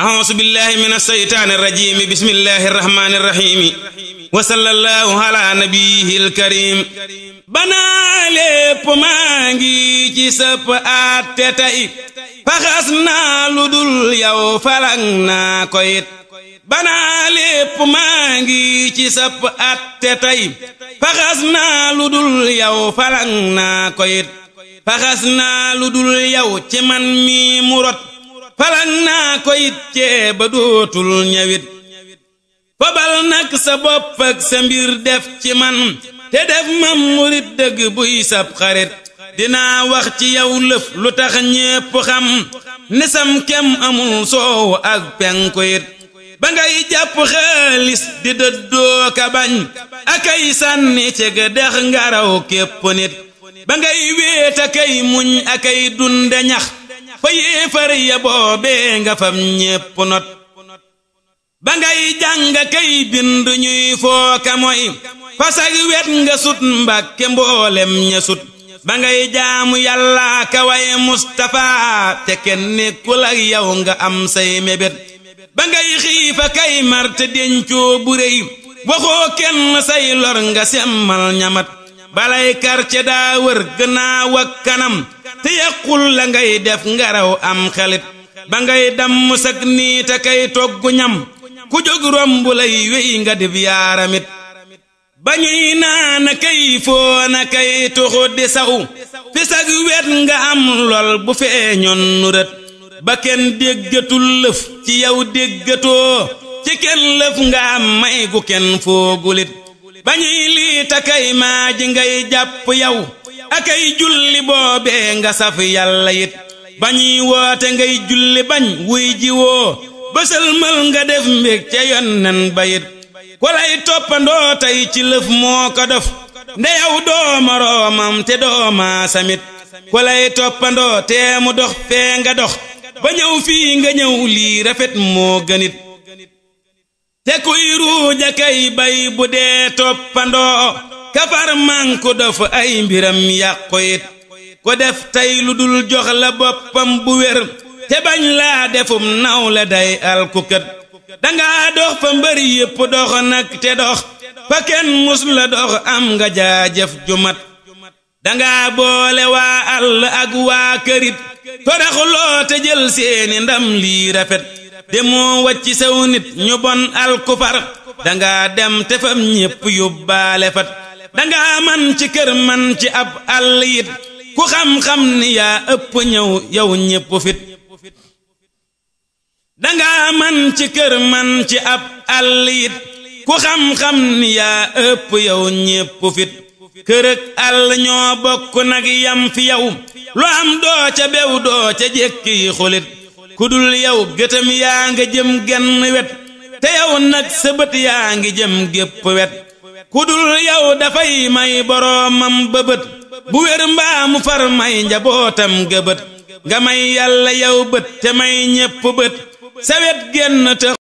أعوذ بالله من الشيطان الرجيم بسم الله الرحمن الرحيم وصلى الله على نبيه الكريم بنا lépp maa ngi ci sëpp àtte tey faxas naa lu dul yow falang naa ko it banaa lépp maa ngi ci sëpp àtte tey faxas naa lu dul yow falang naa ko it faxas naa lu dul yow ci man mi mu rot falang naa ko it cee ba dootul ñawit fobal nag sa bopp ak sa mbir def ci man te def mam murit dëgg buy sab xarit dinaa wax ci yow lëf lu tax ñépp xam nisam kem amul soow ak penku it ba ngay jàpp xaalis di dëddoo ka bañ akay sànni ci ga dex ngaraw képp nit ba ngay wéet akay muñ akay dunde ñax fa yéefar nga fam ñépp not ba ngay jàng kay bind ñuy fooka moy fasag wet nga sut mbàkke mboolem ña sut ba ngay jaamu yàlla ka way Mustafa te kenn kul ak nga am say mébét ba ngay xiifa kay marte dencoo bu réy kenn say lor nga semmal ñamat balay karce daa wër gënaaw ak kanam te yàqul la ngay def ngaraw am xelit ba ngay damm sag nii te kay togg ñam ku jóg romb wey nga dib yaaramit ba ñuy naan kay foona kay tuxu di saw fi sag wet nga am lol bu feeñoon nu ba kenn déggatul lëf ci yow déggatoo ci kenn lëf nga am may gu kenn foogulit ba ñuy lii takay maa ngay jàpp yow akay julli boobee nga saf yàlla yit bañuy woote ngay julli bañ wuy ji woo bësal mël nga def mbég ca ba yit ku lay ci lëf moo ko def ndeyaw dooma roomam te dooma samit ku lay toppandoo tee mu dox fee nga dox ba ñëw fii nga ñëw lii rafet moo gënit te kuy ruuja kay bay bu dee toppandoo kafar man ku dof ay mbiram yàqu it def tey lu dul jox la boppam bu wér te bañ laa defum naw la day alkukat danga dox fa mbër yépp dox nag te dox fa kenn mus la dox am nga jaajëf jumat danga boole waa àll ak waa kërit toraxuloo te jël seeni ndam lii rafet demoo wàcci saw nit ñu bon alkufar danga dem te fam ñépp yóbbaale fat danga man ci kër man ci ab àll yit ku xam-xam ni yaa ëpp ñëw yow ñépp fit danga man ci kër man ci ab àll yit ku xam-xam ni yaa ëpp yow ñépp fit kërëg àll ñoo bokk nag yam fi yow lu am doo ca bew doo ca jékki xulit ku dul yow gëtam yaa nga jëm genn wet te yow nag sa bët yaa ngi jëm gépp wet kudul yow dafay may boroomam bëbët bu wér mbaa mu far may njabootam gëbët nga may yàlla yow bët te may ñépp bët sawet génn te